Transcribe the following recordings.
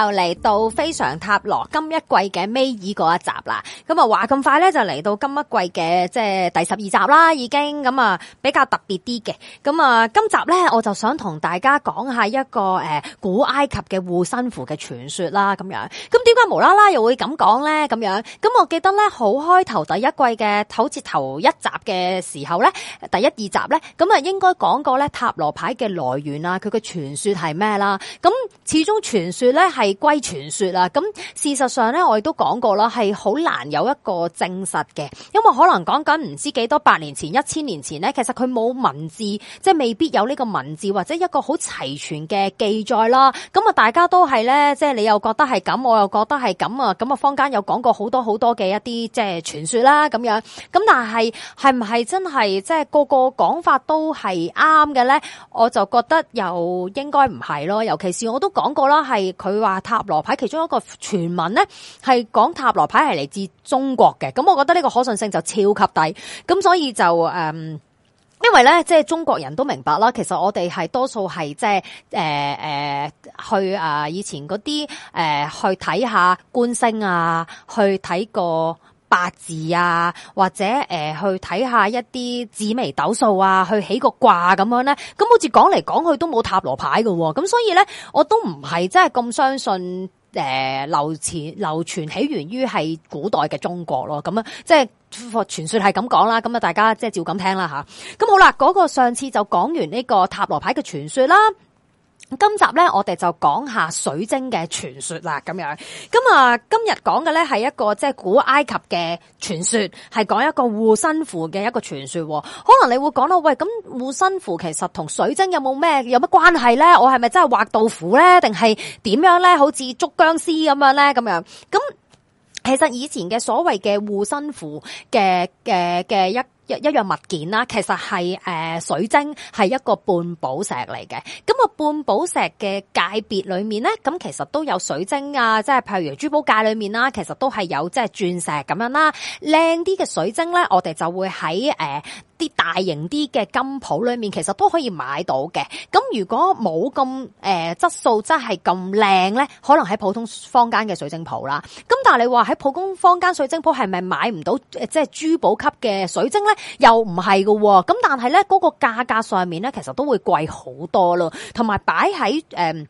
又嚟到菲常塔羅今一季嘅尾二嗰一集啦，咁啊話咁快咧就嚟到今一季嘅即係第十二集啦，已經咁啊比較特別啲嘅，咁啊今集咧我就想同大家講下一個誒、啊、古埃及嘅護身符嘅傳說啦，咁樣咁點解無啦啦又會咁講咧？咁樣咁我記得咧好開頭第一季嘅好似頭一集嘅時候咧、啊，第一二集咧咁啊，啊應該講過咧塔羅牌嘅來源啊，佢嘅傳說係咩啦？咁、啊、始終傳說咧係。歸傳說啦，咁事實上咧，我亦都講過啦，係好難有一個證實嘅，因為可能講緊唔知幾多百年前、一千年前咧，其實佢冇文字，即係未必有呢個文字或者一個好齊全嘅記載啦。咁啊，大家都係咧，即係你又覺得係咁，我又覺得係咁啊，咁啊，坊間有講過好多好多嘅一啲即係傳說啦，咁樣。咁但係係唔係真係即係個個講法都係啱嘅咧？我就覺得又應該唔係咯，尤其是我都講過啦，係佢話。塔羅牌其中一個傳聞咧，係講塔羅牌係嚟自中國嘅，咁我覺得呢個可信性就超級低，咁所以就誒、嗯，因為咧即係中國人都明白啦，其實我哋係多數係即係誒誒去啊、呃，以前嗰啲誒去睇下觀星啊，去睇個。八字啊，或者誒、呃、去睇下一啲紫微斗數啊，去起個卦咁樣咧，咁好似講嚟講去都冇塔羅牌嘅喎，咁所以咧我都唔係真係咁相信誒流傳流傳起源於係古代嘅中國咯，咁啊即係傳說係咁講啦，咁啊大家即係照咁聽啦吓，咁、啊、好啦，嗰、那個上次就講完呢個塔羅牌嘅傳說啦。今集咧，我哋就講下水晶嘅傳說啦，咁樣。咁啊，今日講嘅咧係一個即係古埃及嘅傳說，係講一個護身符嘅一個傳說。可能你會講到，喂，咁護身符其實同水晶有冇咩有乜關係咧？我係咪真係畫到符咧？定係點樣咧？好似捉僵屍咁樣咧？咁樣。咁其實以前嘅所謂嘅護身符嘅嘅嘅一。一一樣物件啦，其實係誒水晶係一個半寶石嚟嘅，咁啊半寶石嘅界別裏面咧，咁其實都有水晶啊，即係譬如珠寶界裏面啦，其實都係有即係鑽石咁樣啦，靚啲嘅水晶咧，我哋就會喺誒。呃啲大型啲嘅金鋪裏面，其實都可以買到嘅。咁如果冇咁誒質素，真係咁靚咧，可能喺普通坊間嘅水晶鋪啦。咁但係你話喺普通坊間水晶鋪係咪買唔到誒、呃、即係珠寶級嘅水晶咧？又唔係㗎喎。咁但係咧，嗰個價格上面咧，其實都會貴好多咯。同埋擺喺誒。呃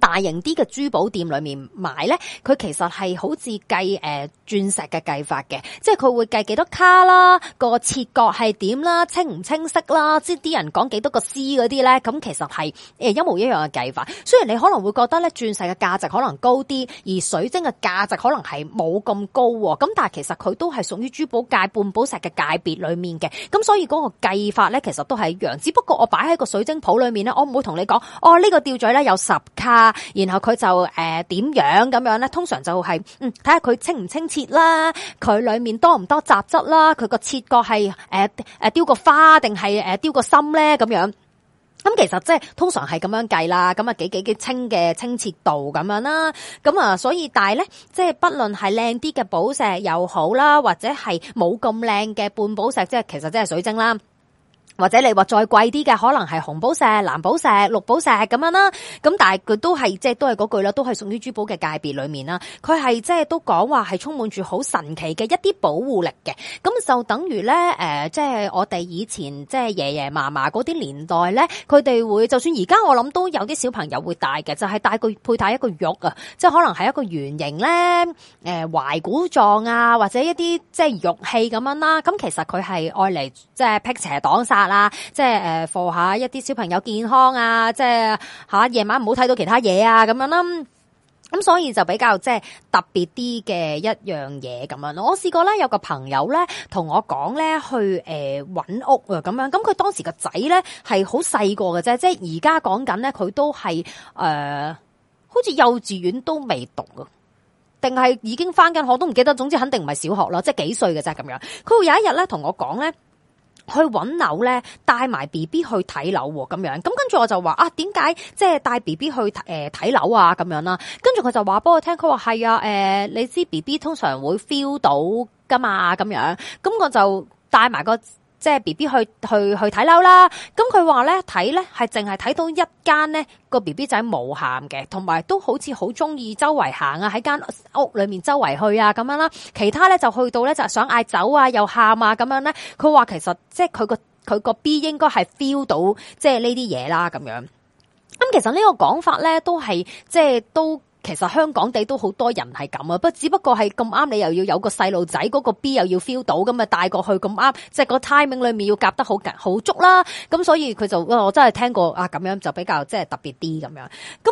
大型啲嘅珠寶店裏面買咧，佢其實係好似計誒鑽石嘅計法嘅，即係佢會計幾多卡啦，個切割係點啦，清唔清晰啦，即係啲人講幾多個 C 嗰啲咧，咁其實係誒一模一樣嘅計法。雖然你可能會覺得咧，鑽石嘅價值可能高啲，而水晶嘅價值可能係冇咁高喎，咁但係其實佢都係屬於珠寶界半寶石嘅界別裏面嘅，咁所以嗰個計法咧其實都係一樣。只不過我擺喺個水晶鋪裏面咧，我唔會同你講，哦呢個吊墜咧有十卡。然後佢就誒點、呃、樣咁樣咧？通常就係、是、嗯，睇下佢清唔清澈啦，佢裏面多唔多雜質啦，佢個切割係誒誒雕個花定係誒雕個心咧？咁樣咁、嗯、其實即、就、係、是、通常係咁樣計啦。咁啊幾幾幾清嘅清澈度咁樣啦。咁、嗯、啊所以但係咧，即係不論係靚啲嘅寶石又好啦，或者係冇咁靚嘅半寶石，即係其實即係水晶啦。或者你話再貴啲嘅，可能係紅寶石、藍寶石、綠寶石咁樣啦。咁但係佢都係即係都係嗰句啦，都係屬於珠寶嘅界別裏面啦。佢係即係都講話係充滿住好神奇嘅一啲保護力嘅。咁就等於咧誒，即係我哋以前即係爺爺嫲嫲嗰啲年代咧，佢哋會就算而家我諗都有啲小朋友會戴嘅，就係、是、戴佢佩戴一個玉啊，即係可能係一個圓形咧，誒、呃、懷古狀啊，或者一啲即係玉器咁樣啦。咁其實佢係愛嚟即係辟邪擋煞。啦，即係誒，課下一啲小朋友健康啊，即係吓夜晚唔好睇到其他嘢啊，咁樣啦。咁、嗯、所以就比較即係、就是、特別啲嘅一樣嘢咁樣。我試過咧，有個朋友咧同我講咧，去誒搵、呃、屋啊，咁樣。咁佢當時個仔咧係好細個嘅啫，即係而家講緊咧，佢都係誒、呃，好似幼稚園都未讀啊，定係已經翻緊學都唔記得。總之肯定唔係小學啦，即係幾歲嘅啫咁樣。佢會有一日咧同我講咧。去揾樓咧，帶埋 B B 去睇樓喎，咁樣，咁跟住我就話啊，點解即係帶 B B 去誒睇樓啊咁樣啦？跟住佢就話俾我聽，佢話係啊，誒、呃、你知 B B 通常會 feel 到㗎嘛，咁樣咁我就帶埋個即係 B B 去去去睇樓啦，咁佢話咧睇咧係淨係睇到一間咧個 B B 仔冇喊嘅，同埋都好似好中意周圍行啊，喺間屋裏面周圍去啊咁樣啦，其他咧就去到咧就想嗌走啊，又喊啊咁樣咧，佢話其實即係佢個佢個 B 應該係 feel 到即係呢啲嘢啦咁樣。咁、嗯、其實個呢個講法咧都係即係都。其實香港地都好多人係咁啊，不只不過係咁啱你又要有個細路仔，嗰個 B 又要 feel 到咁啊，帶過去咁啱，即係個 timing 裏面要夾得好好足啦，咁所以佢就我真係聽過啊，咁樣就比較即係特別啲咁樣，咁。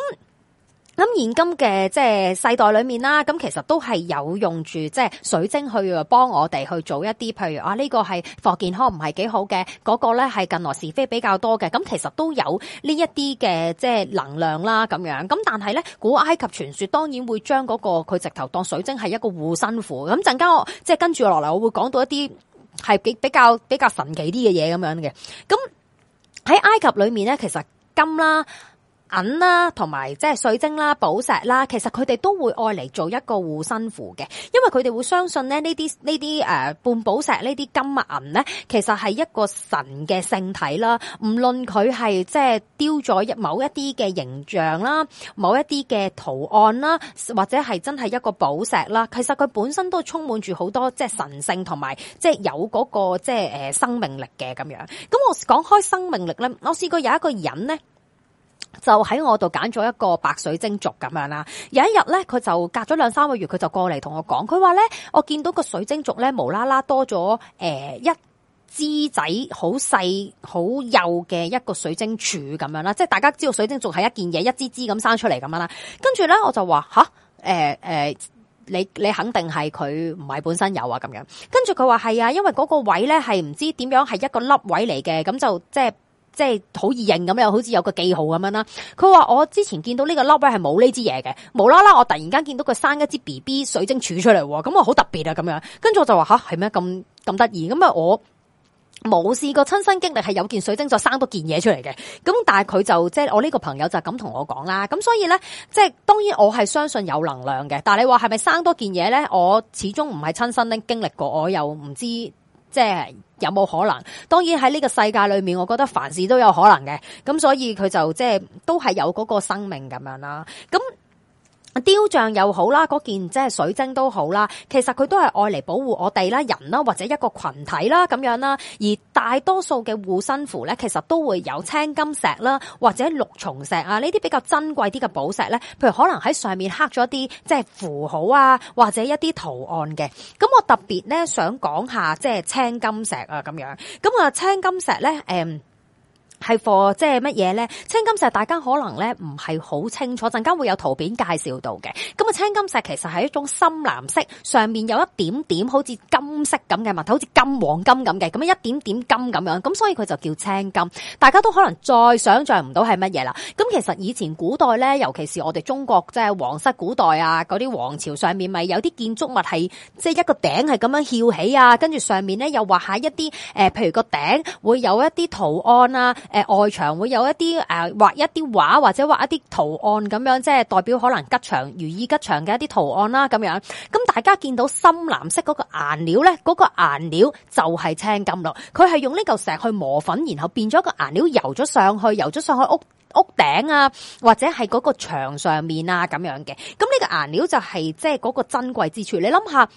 咁現今嘅即係世代裏面啦，咁其實都係有用住即係水晶去幫我哋去做一啲，譬如啊呢個係霍健康唔係幾好嘅，嗰個咧係近來是非比較多嘅，咁其實都有呢一啲嘅即係能量啦咁樣。咁但係咧，古埃及傳說當然會將嗰個佢直頭當水晶係一個護身符。咁陣間我即係跟住落嚟，我會講到一啲係幾比較比較神奇啲嘅嘢咁樣嘅。咁喺埃及裏面咧，其實金啦。銀啦，同埋即係水晶啦，寶石啦，其實佢哋都會愛嚟做一個護身符嘅，因為佢哋會相信咧呢啲、呃、呢啲誒半寶石呢啲金銀咧，其實係一個神嘅聖體啦。唔論佢係即係雕咗一某一啲嘅形象啦，某一啲嘅圖案啦，或者係真係一個寶石啦，其實佢本身都充滿住好多即係神聖同埋即係有嗰個即係誒生命力嘅咁樣。咁我講開生命力咧，我試過有一個人咧。就喺我度揀咗一個白水晶簇咁樣啦。有一日咧，佢就隔咗兩三個月，佢就過嚟同我講，佢話咧，我見到個水晶簇咧，無啦啦多咗誒一支仔，好細好幼嘅一個水晶柱咁樣啦。即係大家知道水晶簇係一件嘢，一支支咁生出嚟咁樣啦。跟住咧，我就話吓，誒誒，你你肯定係佢唔係本身有啊，咁樣。跟住佢話係啊，因為嗰個位咧係唔知點樣係一個凹位嚟嘅，咁就即係。即係好易認咁啦，好似有個記號咁樣啦。佢話我之前見到呢個粒位係冇呢支嘢嘅，無啦啦我突然間見到佢生一支 BB 水晶柱出嚟，咁啊好特別啊咁樣。跟住我就話吓，係咩咁咁得意？咁啊我冇試過親身經歷係有件水晶再生多件嘢出嚟嘅。咁但係佢就即係我呢個朋友就咁同我講啦。咁所以咧，即係當然我係相信有能量嘅。但係你話係咪生多件嘢咧？我始終唔係親身咧經歷過，我又唔知即係。有冇可能？當然喺呢個世界裏面，我覺得凡事都有可能嘅。咁所以佢就即係都係有嗰個生命咁樣啦。咁。雕像又好啦，嗰件即係水晶都好啦，其實佢都係愛嚟保護我哋啦，人啦或者一個群體啦咁樣啦。而大多數嘅護身符咧，其實都會有青金石啦或者綠松石啊呢啲比較珍貴啲嘅寶石咧，譬如可能喺上面刻咗一啲即係符號啊或者一啲圖案嘅。咁我特別咧想講下即係青金石啊咁樣。咁啊青金石咧，誒、嗯。係貨即係乜嘢咧？青金石大家可能咧唔係好清楚，陣間會有圖片介紹到嘅。咁啊，青金石其實係一種深藍色，上面有一點點好似金色咁嘅物體，好似金黃金咁嘅，咁啊一點點金咁樣。咁所以佢就叫青金。大家都可能再想象唔到係乜嘢啦。咁其實以前古代咧，尤其是我哋中國即係皇室古代啊，嗰啲皇朝上面咪有啲建築物係即係一個頂係咁樣翹起啊，跟住上面咧又畫下一啲誒、呃，譬如個頂會有一啲圖案啊。誒、呃，外牆會有一啲誒畫一啲畫或者畫一啲圖案咁樣，即係代表可能吉祥如意、吉祥嘅一啲圖案啦。咁樣，咁大家見到深藍色嗰個顏料咧，嗰、嗰個顏料就係青金咯。佢係用呢嚿石去磨粉，然後變咗個顏料，油咗上去，油咗上去屋屋頂啊，或者係嗰個牆上面啊咁樣嘅。咁呢個顏料就係即係嗰個珍貴之處。你諗下。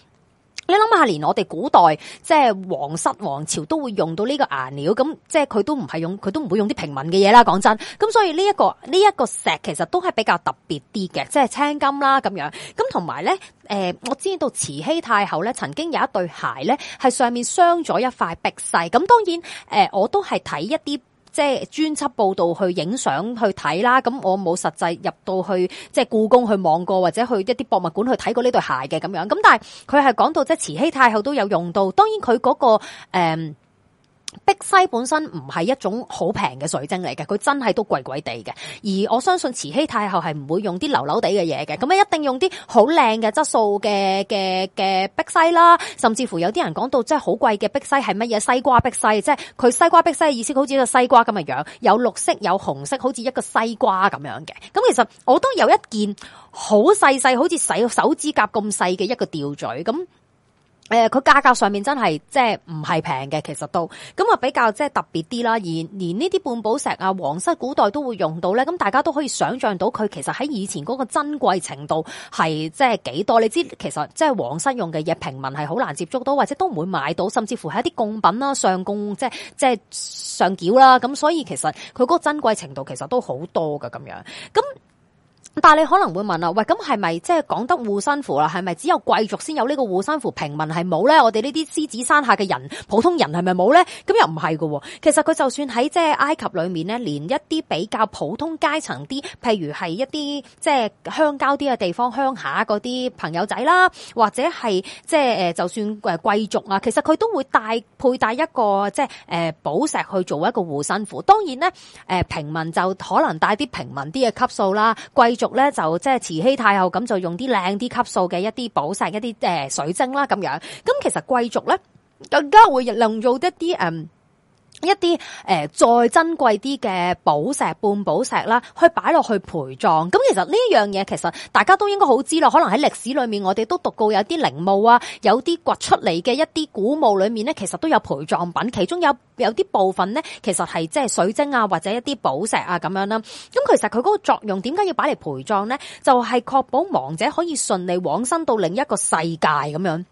你諗下，連我哋古代即係皇室王朝都會用到呢個顏料，咁即係佢都唔係用，佢都唔會用啲平民嘅嘢啦。講真，咁所以呢、這、一個呢一、這個石其實都係比較特別啲嘅，即係青金啦咁樣。咁同埋咧，誒、呃，我知道慈禧太后咧曾經有一對鞋咧，係上面鑲咗一塊碧璽。咁當然，誒、呃，我都係睇一啲。即係專輯報道去影相去睇啦，咁我冇實際入到去即係故宮去望過，或者去一啲博物館去睇過呢對鞋嘅咁樣，咁但係佢係講到即係慈禧太后都有用到，當然佢嗰個，嗯碧璽本身唔係一種好平嘅水晶嚟嘅，佢真係都貴貴地嘅。而我相信慈禧太后係唔會用啲流流地嘅嘢嘅，咁樣一定用啲好靚嘅質素嘅嘅嘅碧璽啦。甚至乎有啲人講到即係好貴嘅碧璽係乜嘢？西瓜碧璽即係佢西瓜碧璽嘅意思，好似一個西瓜咁嘅樣，有綠色有紅色，好似一個西瓜咁樣嘅。咁其實我都有一件好細細，好似洗手指甲咁細嘅一個吊墜咁。誒，佢價格上面真係即係唔係平嘅，其實都咁啊比較即係特別啲啦，而連呢啲半寶石啊、皇室古代都會用到咧，咁大家都可以想像到佢其實喺以前嗰個珍貴程度係即係幾多？你知其實即係皇室用嘅嘢，平民係好難接觸到，或者都唔會買到，甚至乎係一啲供品啦、上供即係即係上繳啦。咁所以其實佢嗰個珍貴程度其實都好多㗎咁樣，咁。但係你可能會問啊，喂，咁係咪即係講得護身符啦？係咪只有貴族先有呢個護身符？平民係冇咧？我哋呢啲獅子山下嘅人，普通人係咪冇咧？咁又唔係嘅喎。其實佢就算喺即係埃及裏面咧，連一啲比較普通階層啲，譬如係一啲即係鄉郊啲嘅地方、鄉下嗰啲朋友仔啦，或者係即係誒，就算誒貴族啊，其實佢都會帶佩戴一個即係誒寶石去做一個護身符。當然咧，誒平民就可能帶啲平民啲嘅級數啦，貴族咧，就即係慈禧太后咁，就用啲靚啲級數嘅一啲寶石，一啲誒水晶啦咁樣。咁其實貴族咧，更加會用用一啲誒。 一啲誒、呃、再珍貴啲嘅寶石、半寶石啦，去擺落去陪葬。咁其實呢樣嘢其實大家都應該好知啦。可能喺歷史裏面，我哋都讀過有啲陵墓啊，有啲掘出嚟嘅一啲古墓裏面呢，其實都有陪葬品。其中有有啲部分呢，其實係即係水晶啊，或者一啲寶石啊咁樣啦。咁其實佢嗰個作用點解要擺嚟陪葬呢？就係、是、確保亡者可以順利往生到另一個世界咁樣。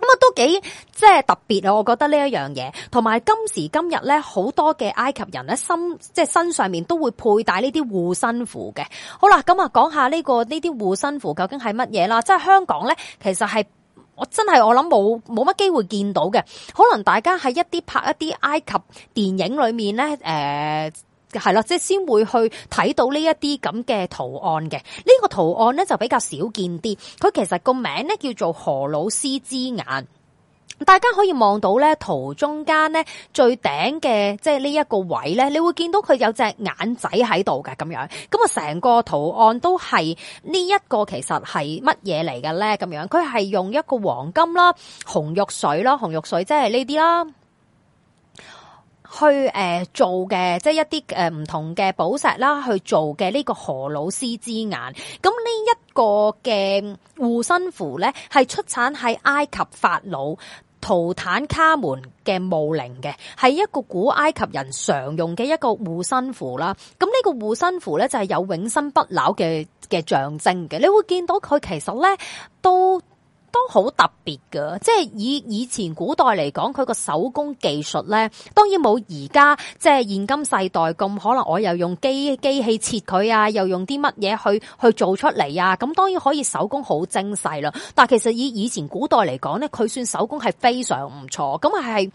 咁啊，都幾即係特別啊！我覺得呢一樣嘢，同埋今時今日咧，好多嘅埃及人咧，身即係身上面都會佩戴呢啲護身符嘅。好啦，咁、嗯、啊，講下呢、這個呢啲護身符究竟係乜嘢啦？即係香港咧，其實係我真係我諗冇冇乜機會見到嘅。可能大家喺一啲拍一啲埃及電影裏面咧，誒、呃。係啦，即係先會去睇到呢一啲咁嘅圖案嘅，呢、這個圖案咧就比較少見啲。佢其實個名咧叫做荷魯斯之眼，大家可以望到咧圖中間咧最頂嘅，即係呢一個位咧，你會見到佢有隻眼仔喺度嘅咁樣。咁啊，成個圖案都係呢一個，其實係乜嘢嚟嘅咧？咁樣，佢係用一個黃金啦、紅玉髓啦、紅玉髓即係呢啲啦。去誒、呃、做嘅，即係一啲誒唔同嘅寶石啦，去做嘅呢個荷魯斯之眼。咁呢一個嘅護身符咧，係出產喺埃及法老圖坦卡門嘅墓陵嘅，係一個古埃及人常用嘅一個護身符啦。咁呢個護身符咧就係、是、有永生不朽嘅嘅象徵嘅。你會見到佢其實咧都。都好特別㗎，即係以以前古代嚟講，佢個手工技術咧，當然冇而家即係現今世代咁可能，我又用機機器切佢啊，又用啲乜嘢去去做出嚟啊，咁當然可以手工好精細啦。但係其實以以前古代嚟講咧，佢算手工係非常唔錯，咁係。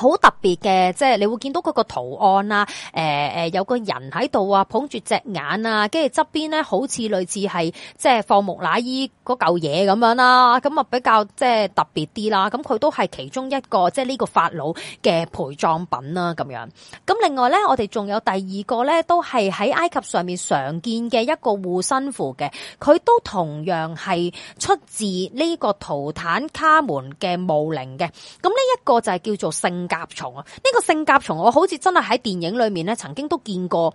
好特別嘅，即係你會見到嗰個圖案啦，誒、呃、誒有個人喺度啊，捧住隻眼啊，跟住側邊咧好似類似係即係放木乃伊舊嘢，咁樣啦，咁啊比較即係特別啲啦，咁佢都係其中一個即係呢個法老嘅陪葬品啦咁樣，咁另外咧，我哋仲有第二個咧，都係喺埃及上面常見嘅一個護身符嘅，佢都同樣係出自呢個圖坦卡門嘅墓陵嘅。咁呢一個就係叫做聖甲蟲啊，呢、這個聖甲蟲我好似真係喺電影裏面咧，曾經都見過。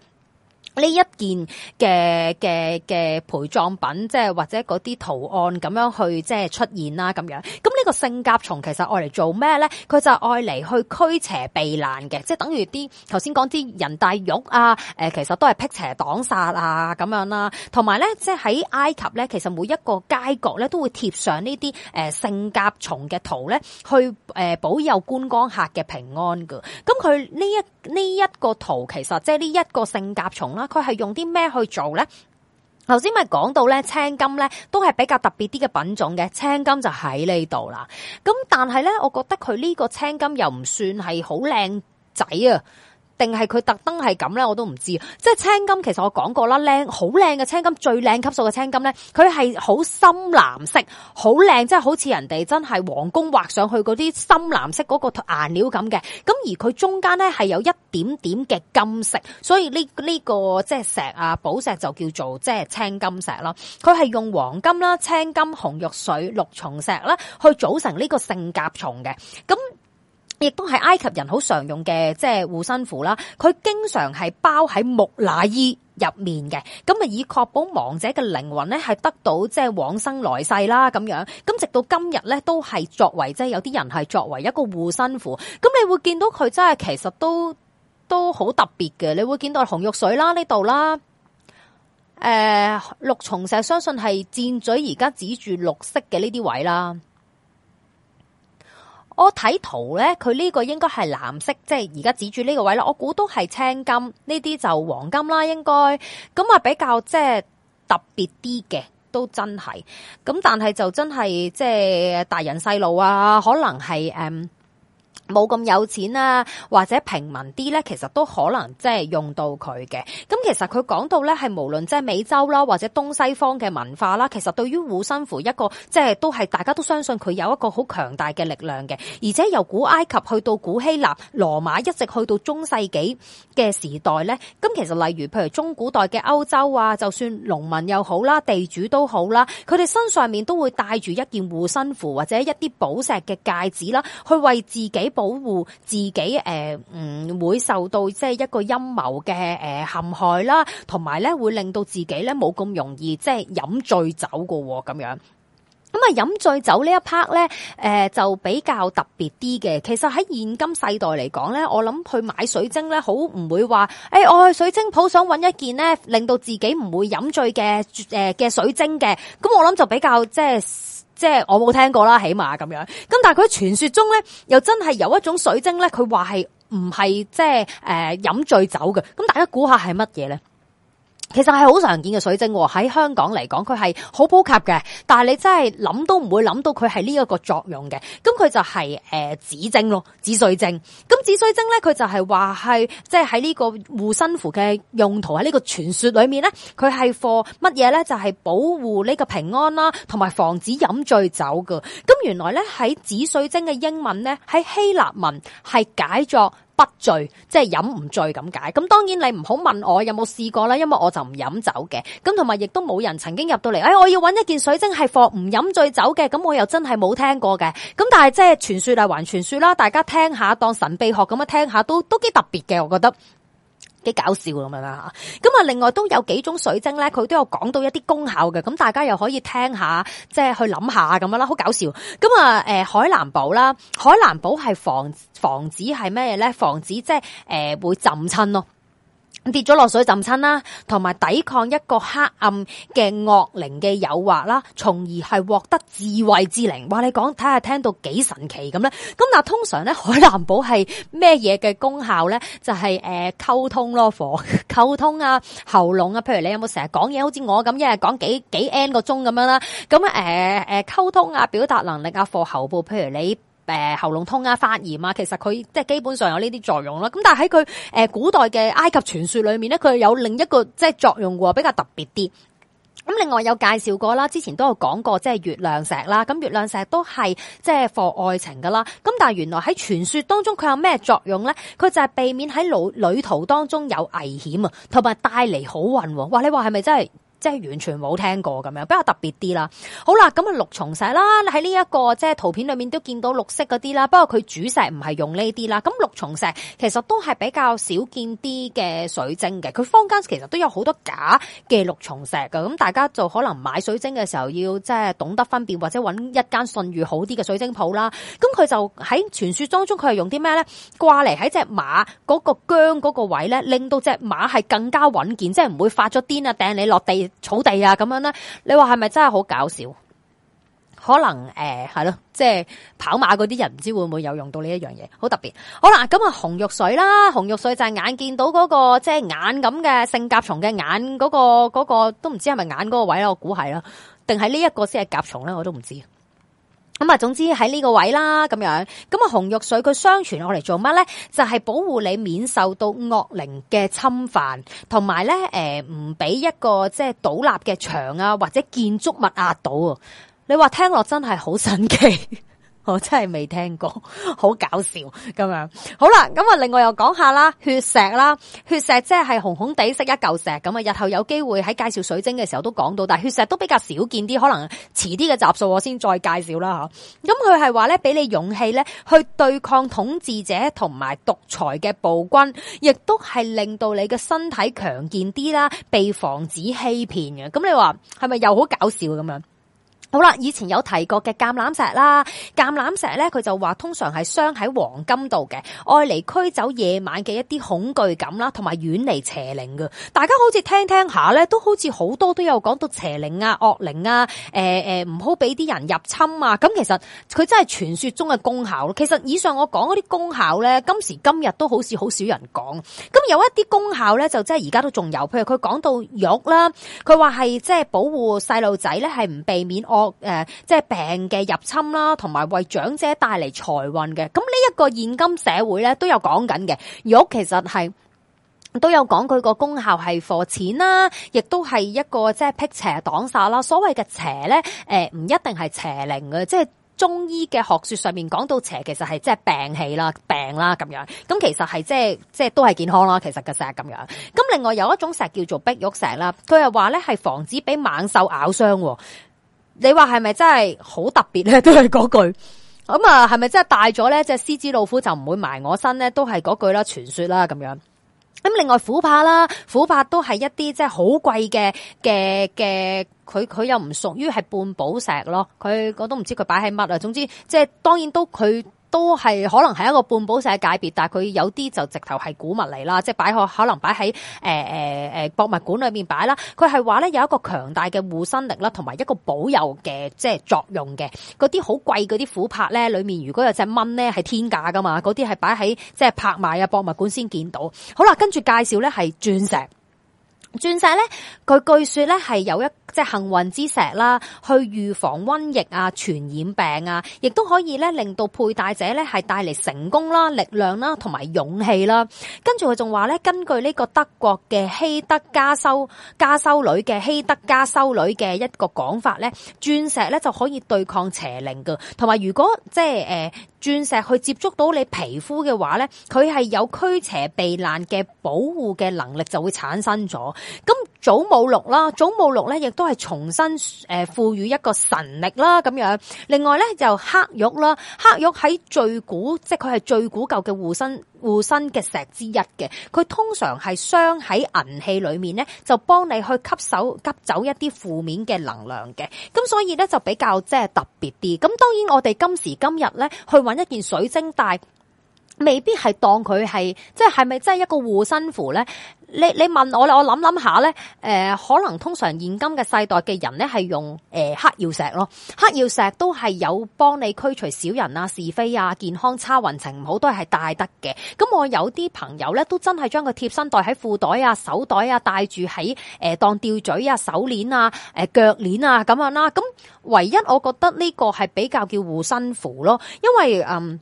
呢一件嘅嘅嘅陪葬品，即係或者啲圖案咁樣去即係出現啦咁樣。咁呢個聖甲蟲其實愛嚟做咩咧？佢就愛嚟去驅邪避難嘅，即係等於啲頭先講啲人大玉啊，誒，其實都係辟邪擋煞啊咁樣啦。同埋咧，即係喺埃及咧，其實每一個街角咧都會貼上呢啲誒聖甲蟲嘅圖咧，去誒保佑觀光客嘅平安噶。咁佢呢一呢一，這個圖其實即係呢一個聖甲蟲。佢係用啲咩去做咧？頭先咪講到咧，青金咧都係比較特別啲嘅品種嘅，青金就喺呢度啦。咁但係咧，我覺得佢呢個青金又唔算係好靚仔啊。定係佢特登係咁咧，我都唔知。即係青金，其實我講過啦，靚好靚嘅青金，最靚級數嘅青金咧，佢係好深藍色，好靚，即係好似人哋真係皇宮畫上去嗰啲深藍色嗰個顏料咁嘅。咁而佢中間咧係有一點點嘅金色，所以呢、這、呢個即係、這個、石啊，寶石就叫做即係青金石咯。佢係用黃金啦、青金、紅玉髓、綠松石啦去組成呢個聖甲蟲嘅。咁亦都係埃及人好常用嘅，即係護身符啦。佢經常係包喺木乃伊入面嘅，咁啊以確保亡者嘅靈魂咧係得到即係、就是、往生來世啦咁樣。咁直到今日咧都係作為即係有啲人係作為一個護身符。咁你會見到佢真係其實都都好特別嘅。你會見到紅玉髓啦呢度啦，誒、呃、綠松石相信係箭嘴而家指住綠色嘅呢啲位啦。我睇圖咧，佢呢個應該係藍色，即係而家指住呢個位啦。我估都係青金，呢啲就黃金啦，應該咁啊，比較即係特別啲嘅都真係咁，但係就真係即係大人細路啊，可能係誒。嗯冇咁有錢啊，或者平民啲咧，其實都可能即係用到佢嘅。咁其實，佢講到咧，係無論即係美洲啦，或者東西方嘅文化啦，其實對於護身符一個即係都係大家都相信佢有一個好強大嘅力量嘅。而且由古埃及去到古希臘羅馬一直去到中世紀嘅時代咧，咁其實例如譬如中古代嘅歐洲啊，就算農民又好啦，地主都好啦，佢哋身上面都會帶住一件護身符或者一啲寶石嘅戒指啦，去為自己保保護自己誒，唔、呃嗯、會受到即係一個陰謀嘅誒陷害啦，同埋咧會令到自己咧冇咁容易即係飲醉酒嘅咁、哦、樣。咁、嗯、啊，飲醉酒一呢一 part 咧，誒、呃、就比較特別啲嘅。其實喺現今世代嚟講咧，我諗去買水晶咧，好唔會話誒、欸，我去水晶鋪想揾一件咧，令到自己唔會飲醉嘅誒嘅水晶嘅。咁我諗就比較即係。即係我冇聽過啦，起碼咁樣。咁但係佢喺傳說中咧，又真係有一種水晶咧，佢話係唔係即係誒飲醉酒嘅。咁大家估下係乜嘢咧？其實係好常見嘅水晶喎，喺香港嚟講，佢係好普及嘅。但係你真係諗都唔會諗到佢係呢一個作用嘅。咁佢就係、是、誒、呃、紫晶咯，紫水晶。咁、就是就是、紫水晶咧，佢就係話係即係喺呢個護身符嘅用途喺呢個傳說裏面咧，佢係防乜嘢咧？就係保護呢個平安啦，同埋防止飲醉酒噶。咁原來咧喺紫水晶嘅英文咧，喺希臘文係解作。不醉，即係飲唔醉咁解，咁當然你唔好問我有冇試過啦，因為我就唔飲酒嘅，咁同埋亦都冇人曾經入到嚟，哎，我要揾一件水晶係防唔飲醉酒嘅，咁我又真係冇聽過嘅，咁但係即係傳說就還傳說啦，大家聽下當神秘學咁樣聽下都，都都幾特別嘅，我覺得。幾搞笑咁樣啦，咁啊，另外都有幾種水晶咧，佢都有講到一啲功效嘅，咁大家又可以聽下，即係去諗下咁樣啦，好搞笑。咁啊，誒，海南寶啦，海南寶係防防止係咩咧？防止即係誒會浸親咯。跌咗落水浸親啦，同埋抵抗一個黑暗嘅惡靈嘅誘惑啦，從而係獲得智慧之靈。話你講睇下聽到幾神奇咁咧。咁嗱，通常咧海藍寶係咩嘢嘅功效咧？就係誒溝通咯，或溝通啊喉嚨啊。譬如你有冇成日講嘢，好似我咁一日講幾幾 n 個鐘咁樣啦？咁誒誒溝通啊，表達能力啊，或喉部。譬如你。誒、呃，喉嚨痛啊，發炎啊，其實佢即係基本上有呢啲作用啦。咁但係喺佢誒古代嘅埃及傳說裏面咧，佢有另一個即係作用嘅，比較特別啲。咁另外有介紹過啦，之前都有講過，即係月亮石啦。咁月亮石都係即係課愛情噶啦。咁但係原來喺傳說當中，佢有咩作用咧？佢就係避免喺旅旅途當中有危險啊，同埋帶嚟好運。話你話係咪真係？即係完全冇聽過咁樣，比較特別啲啦。好啦，咁啊綠松石啦，喺呢一個即係圖片裏面都見到綠色嗰啲啦。不過佢主石唔係用呢啲啦。咁綠松石其實都係比較少見啲嘅水晶嘅。佢坊間其實都有好多假嘅綠松石噶。咁大家就可能買水晶嘅時候要即係懂得分辨，或者揾一間信譽好啲嘅水晶鋪啦。咁佢就喺傳說當中，佢係用啲咩呢？掛嚟喺隻馬嗰個姜嗰個位呢，令到隻馬係更加穩健，即係唔會發咗癲啊，掟你落地。草地啊，咁樣咧，你話係咪真係好搞笑？可能誒，係囉，即係跑馬嗰啲人唔知會唔會有用到呢一樣嘢，好特別。好啦，咁啊紅玉髓啦，紅玉髓就係眼見到嗰個即係眼咁嘅聖甲蟲嘅眼嗰個嗰個，都唔知係咪眼嗰個位啦，我估係啦，定係呢一個先係甲蟲咧，我都唔知。咁啊，總之喺呢個位啦，咁樣咁啊，紅玉水佢相傳我嚟做乜呢？就係、是、保護你免受到惡靈嘅侵犯，同埋呢誒，唔、呃、俾一個即係倒立嘅牆啊，或者建築物壓、啊、到、啊。你話聽落真係好神奇。 我真係未聽過，好 搞笑咁樣。好啦，咁啊，另外又講下啦，血石啦，血石即係紅紅地色一嚿石咁啊。日後有機會喺介紹水晶嘅時候都講到，但係血石都比較少見啲，可能遲啲嘅集數我先再介紹啦吓。咁佢係話咧，俾你勇氣咧去對抗統治者同埋獨裁嘅暴君，亦都係令到你嘅身體強健啲啦，被防止欺騙嘅。咁你話係咪又好搞笑咁樣？好啦，以前有提過嘅橄欖石啦，橄欖石咧，佢就話通常係鑲喺黃金度嘅，愛嚟驅走夜晚嘅一啲恐懼感啦，同埋遠離邪靈嘅。大家好似聽聽下咧，都好似好多都有講到邪靈啊、惡靈啊，誒、呃、誒，唔好俾啲人入侵啊。咁其實佢真係傳說中嘅功效咯。其實以上我講嗰啲功效咧，今時今日都好似好少人講。咁有一啲功效咧，就真係而家都仲有。譬如佢講到玉啦，佢話係即係保護細路仔咧，係唔避免惡靈。誒，即係病嘅入侵啦，同埋為長者帶嚟財運嘅。咁呢一個現今社會咧，都有講緊嘅玉，其實係都有講佢個功效係火錢啦，亦都係一個即係辟邪擋煞啦。所謂嘅邪咧，誒、呃、唔一定係邪靈嘅，即、就、係、是、中醫嘅學說上面講到邪，其實係即係病氣啦、病啦咁樣。咁其實係即係即係都係健康啦。其實嘅石咁樣。咁另外有一種石叫做碧玉石啦，佢係話咧係防止俾猛獸咬傷。你話係咪真係好特別咧？都係嗰句咁啊，係咪真係大咗咧？隻獅子老虎就唔會埋我身咧，都係嗰句啦，傳說啦咁樣。咁另外琥珀啦，琥珀都係一啲即係好貴嘅嘅嘅，佢佢又唔屬於係半寶石咯，佢我都唔知佢擺喺乜啊。總之，即係當然都佢。都係可能係一個半寶石嘅界別，但係佢有啲就直頭係古物嚟啦，即係擺可可能擺喺誒誒誒博物館裏面擺啦。佢係話咧有一個強大嘅護身力啦，同埋一個保佑嘅即係作用嘅。嗰啲好貴嗰啲琥珀咧，裏面如果有隻蚊咧係天價噶嘛，嗰啲係擺喺即係拍賣啊、博物館先見到。好啦，跟住介紹咧係鑽石。鑽石咧，佢據說咧係有一即係幸運之石啦，去預防瘟疫啊、傳染病啊，亦都可以咧令到佩戴者咧係帶嚟成功啦、力量啦同埋勇氣啦。跟住佢仲話咧，根據呢個德國嘅希德加修加修女嘅希德加修女嘅一個講法咧，鑽石咧就可以對抗邪靈㗎，同埋如果即係誒。呃鑽石去接觸到你皮膚嘅話，咧，佢係有驅邪避難嘅保護嘅能力就會產生咗，咁。祖母綠啦，祖母綠咧亦都係重新誒賦予一個神力啦咁樣。另外咧就黑玉啦，黑玉喺最古，即係佢係最古舊嘅護身護身嘅石之一嘅。佢通常係鑲喺銀器裏面咧，就幫你去吸走吸走一啲負面嘅能量嘅。咁所以咧就比較即係特別啲。咁當然我哋今時今日咧去揾一件水晶帶。未必係當佢係，即係係咪真係一個護身符咧？你你問我我諗諗下咧，誒、呃，可能通常現今嘅世代嘅人咧，係用誒黑曜石咯，黑曜石都係有幫你驅除小人啊、是非啊、健康差情、運程唔好都係戴得嘅。咁、嗯、我有啲朋友咧，都真係將個貼身袋喺褲袋啊、手袋啊帶住喺，誒、呃，當吊墜啊、手鏈啊、誒腳鏈啊咁樣啦、啊。咁、嗯、唯一我覺得呢個係比較叫護身符咯，因為嗯。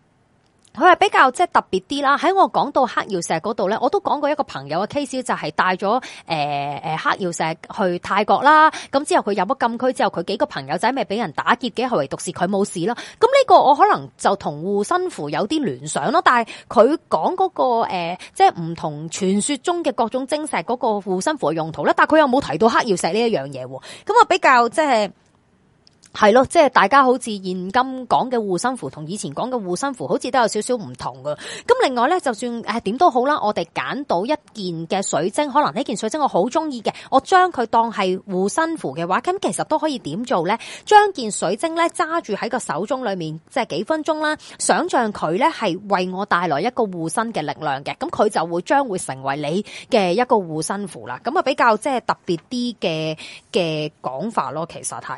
佢係比較即係特別啲啦，喺我講到黑曜石嗰度咧，我都講過一個朋友嘅 case 就係、是、帶咗誒誒黑曜石去泰國啦，咁之後佢入咗禁區之後，佢幾個朋友仔咪俾人打劫嘅，唯獨是佢冇事咯。咁呢個我可能就同護身符有啲聯想咯，但係佢講嗰個、呃、即係唔同傳說中嘅各種晶石嗰個護身符嘅用途咧，但係佢又冇提到黑曜石呢一樣嘢喎。咁我比較即係。係咯，即係大家好似現今講嘅護身符，同以前講嘅護身符，好似都有少少唔同嘅。咁另外咧，就算誒點都好啦，我哋揀到一件嘅水晶，可能呢件水晶我好中意嘅，我將佢當係護身符嘅話，咁其實都可以點做咧？將件水晶咧揸住喺個手中裏面，即係幾分鐘啦，想象佢咧係為我帶來一個護身嘅力量嘅，咁佢就會將會成為你嘅一個護身符啦。咁啊，比較即係特別啲嘅嘅講法咯，其實係。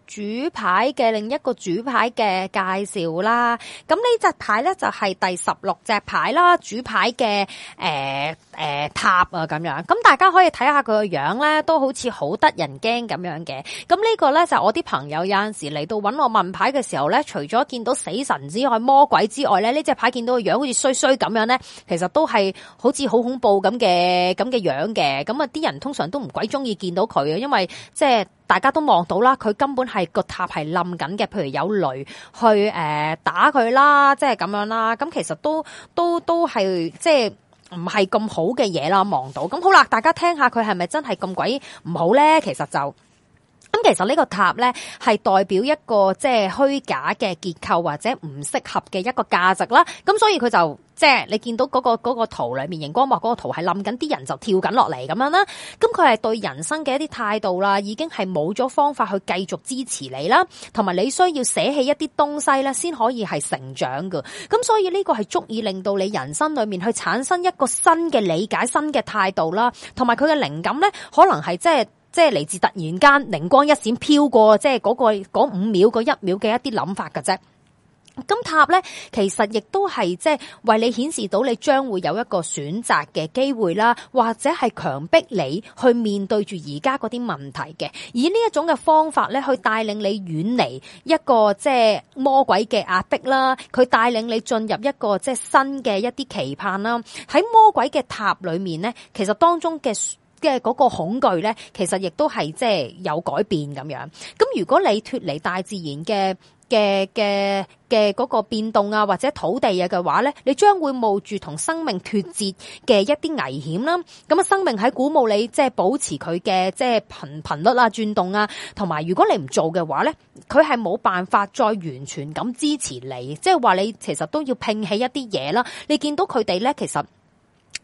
主牌嘅另一個主牌嘅介紹啦，咁呢隻、就是、牌咧就係第十六隻牌啦，主牌嘅誒誒塔啊咁樣，咁大家可以睇下佢個樣咧，都好似好得人驚咁樣嘅。咁呢個咧就是、我啲朋友有陣時嚟到揾我問牌嘅時候咧，除咗見到死神之外、魔鬼之外咧，呢隻牌見到個樣好似衰衰咁樣咧，其實都係好似好恐怖咁嘅咁嘅樣嘅，咁啊啲人通常都唔鬼中意見到佢啊，因為即係大家都望到啦，佢根本係。個塔係冧緊嘅，譬如有雷去誒、呃、打佢啦，即係咁樣啦。咁其實都都都係即係唔係咁好嘅嘢啦，望到。咁好啦，大家聽下佢係咪真係咁鬼唔好咧？其實就。其實呢個塔咧係代表一個即係虛假嘅結構或者唔適合嘅一個價值啦，咁、嗯、所以佢就即係你見到嗰、那個嗰、那個圖裏面熒光幕嗰個圖係冧緊，啲人就跳緊落嚟，咁樣啦，咁佢係對人生嘅一啲態度啦，已經係冇咗方法去繼續支持你啦，同埋你需要捨棄一啲東西咧，先可以係成長噶，咁、嗯、所以呢個係足以令到你人生裏面去產生一個新嘅理解、新嘅態度啦，同埋佢嘅靈感咧，可能係即係。即係嚟自突然間靈光一閃飄過，即係嗰、嗰個五秒嗰一秒嘅一啲諗法嘅啫。金塔咧，其實亦都係即係為你顯示到你將會有一個選擇嘅機會啦，或者係強迫你去面對住而家嗰啲問題嘅。以呢一種嘅方法咧，去帶領你遠離一個即係魔鬼嘅壓迫啦，佢帶領你進入一個即係新嘅一啲期盼啦。喺魔鬼嘅塔裏面咧，其實當中嘅。嘅嗰個恐懼咧，其實亦都係即係有改變咁樣。咁如果你脫離大自然嘅嘅嘅嘅嗰個變動啊，或者土地啊嘅話咧，你將會冒住同生命脫節嘅一啲危險啦。咁啊，生命喺鼓舞你，即係保持佢嘅即係頻頻率啊、轉動啊，同埋如果你唔做嘅話咧，佢係冇辦法再完全咁支持你。即係話你其實都要拼起一啲嘢啦。你見到佢哋咧，其實。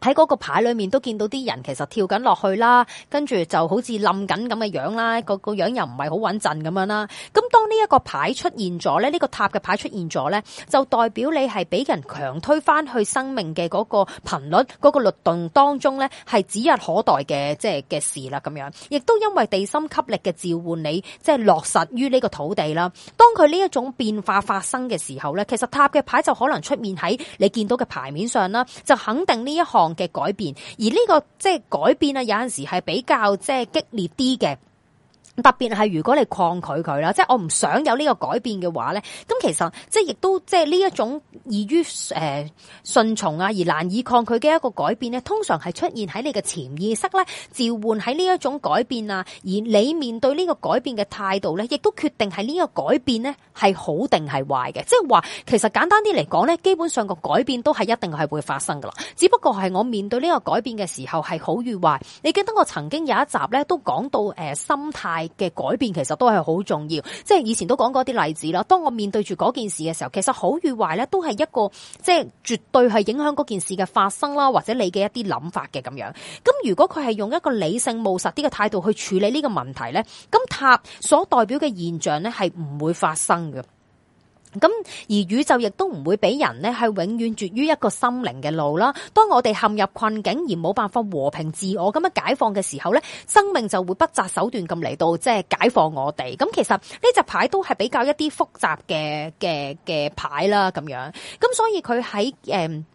喺個牌裏面都見到啲人其實跳緊落去啦，跟住就好似冧緊咁嘅樣啦，個個樣又唔係好穩陣咁樣啦。咁當呢一個牌出現咗咧，呢個塔嘅牌出現咗咧，就代表你係俾人強推翻去生命嘅個頻率、嗰個律動當中咧，係指日可待嘅，即係嘅事啦。咁樣亦都因為地心吸力嘅召喚，你即係落實於呢個土地啦。當佢呢一種變化發生嘅時候咧，其實塔嘅牌就可能出現喺你見到嘅牌面上啦，就肯定呢一行。嘅、這個、改變，而呢個即係改變啊，有陣時，係比較即係激烈啲嘅。特別係如果你抗拒佢啦，即係我唔想有呢個改變嘅話咧，咁其實即係亦都即係呢一種易於誒、呃、順從啊，而難以抗拒嘅一個改變咧，通常係出現喺你嘅潛意識咧，召喚喺呢一種改變啊，而你面對呢個改變嘅態度咧，亦都決定係呢個改變咧係好定係壞嘅。即係話其實簡單啲嚟講咧，基本上個改變都係一定係會發生噶啦，只不過係我面對呢個改變嘅時候係好與壞。你記得我曾經有一集咧都講到誒、呃、心態。嘅改變其實都係好重要，即係以前都講過啲例子啦。當我面對住嗰件事嘅時候，其實好與壞咧都係一個，即係絕對係影響嗰件事嘅發生啦，或者你嘅一啲諗法嘅咁樣。咁如果佢係用一個理性務實啲嘅態度去處理呢個問題咧，咁塔所代表嘅現象咧係唔會發生嘅。咁而宇宙亦都唔會俾人呢係永遠絕於一個心靈嘅路啦。當我哋陷入困境而冇辦法和平自我咁樣解放嘅時候呢，生命就會不擇手段咁嚟到即係解放我哋。咁其實呢隻牌都係比較一啲複雜嘅嘅嘅牌啦，咁樣。咁所以佢喺誒。嗯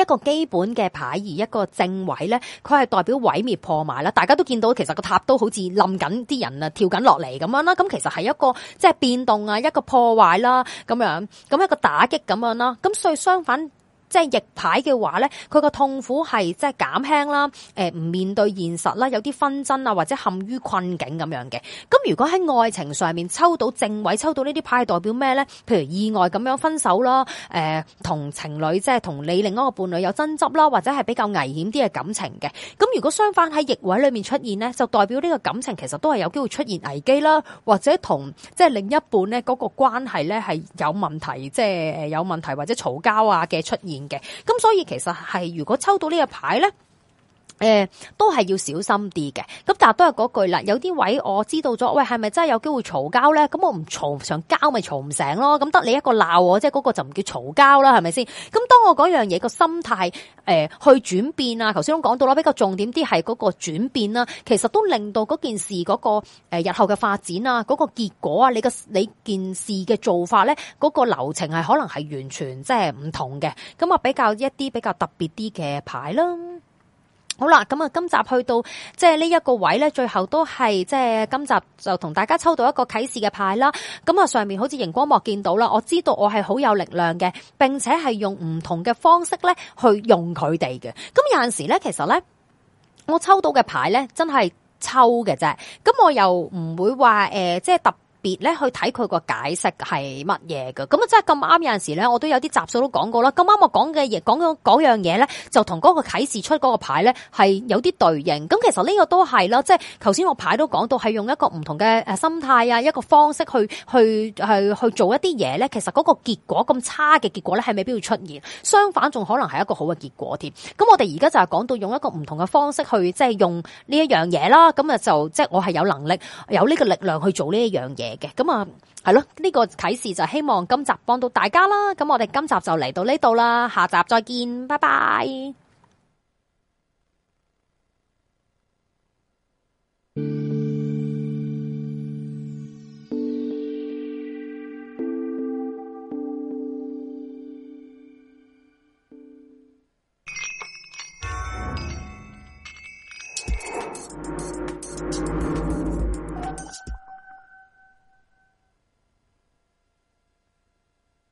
一個基本嘅牌，而一個正位呢，佢係代表毀滅破壞啦。大家都見到其實個塔都好似冧緊啲人啊，跳緊落嚟咁樣啦。咁其實係一個即係變動啊，一個破壞啦，咁樣咁一個打擊咁樣啦。咁所以相反。即係逆牌嘅話咧，佢個痛苦係即係減輕啦，誒、呃、唔面對現實啦，有啲紛爭啊，或者陷於困境咁樣嘅。咁如果喺愛情上面抽到正位，抽到呢啲牌代表咩咧？譬如意外咁樣分手啦，誒、呃、同情侶即係同你另一個伴侶有爭執啦，或者係比較危險啲嘅感情嘅。咁如果雙方喺逆位裏面出現咧，就代表呢個感情其實都係有機會出現危機啦，或者同即係另一半咧個關係咧係有問題，即係誒有問題或者嘈交啊嘅出現。嘅，咁所以其實，係，如果抽到呢個牌咧。誒、嗯，都係要小心啲嘅。咁但係都係嗰句啦，有啲位我知道咗，喂，係咪真係有機會嘈交咧？咁、嗯、我唔嘈上交，咪嘈唔成咯。咁、嗯、得你一個鬧我，即係嗰個就唔叫嘈交啦，係咪先？咁、嗯、當我嗰樣嘢個心態誒、呃、去轉變啊，頭先都講到啦，比較重點啲係嗰個轉變啦，其實都令到嗰件事嗰，那個誒、呃、日後嘅發展啊，嗰，那個結果啊，你嘅你件事嘅做法咧，嗰，那個流程係可能係完全真係唔同嘅。咁、嗯、啊，比較一啲比較特別啲嘅牌啦。好啦，咁啊，今集去到即係呢一個位咧，最後都係即係今集就同大家抽到一個啟示嘅牌啦。咁啊，上面好似熒光幕見到啦，我知道我係好有力量嘅，並且係用唔同嘅方式咧，去用佢哋嘅。咁有陣時咧，其實咧我抽到嘅牌咧真係抽嘅啫。咁我又唔會話誒、呃，即係特。咧，去睇佢個解釋係乜嘢嘅，咁啊，真係咁啱。有陣時咧，我都有啲集數都講過啦。咁啱我講嘅嘢，講嗰樣嘢咧，就同嗰個啟示出嗰個牌咧係有啲對應。咁其實呢個都係啦，即係頭先我牌都講到係用一個唔同嘅誒心態啊，一個方式去去係去，去做一啲嘢咧。其實嗰個結果咁差嘅結果咧係未必會出現，相反仲可能係一個好嘅結果添。咁我哋而家就係講到用一個唔同嘅方式去，即係用呢一樣嘢啦。咁啊就即係我係有能力有呢個力量去做呢一樣嘢。嘅，咁啊，係咯，呢個啟示就希望今集幫到大家啦。咁我哋今集就嚟到呢度啦，下集再見，拜拜。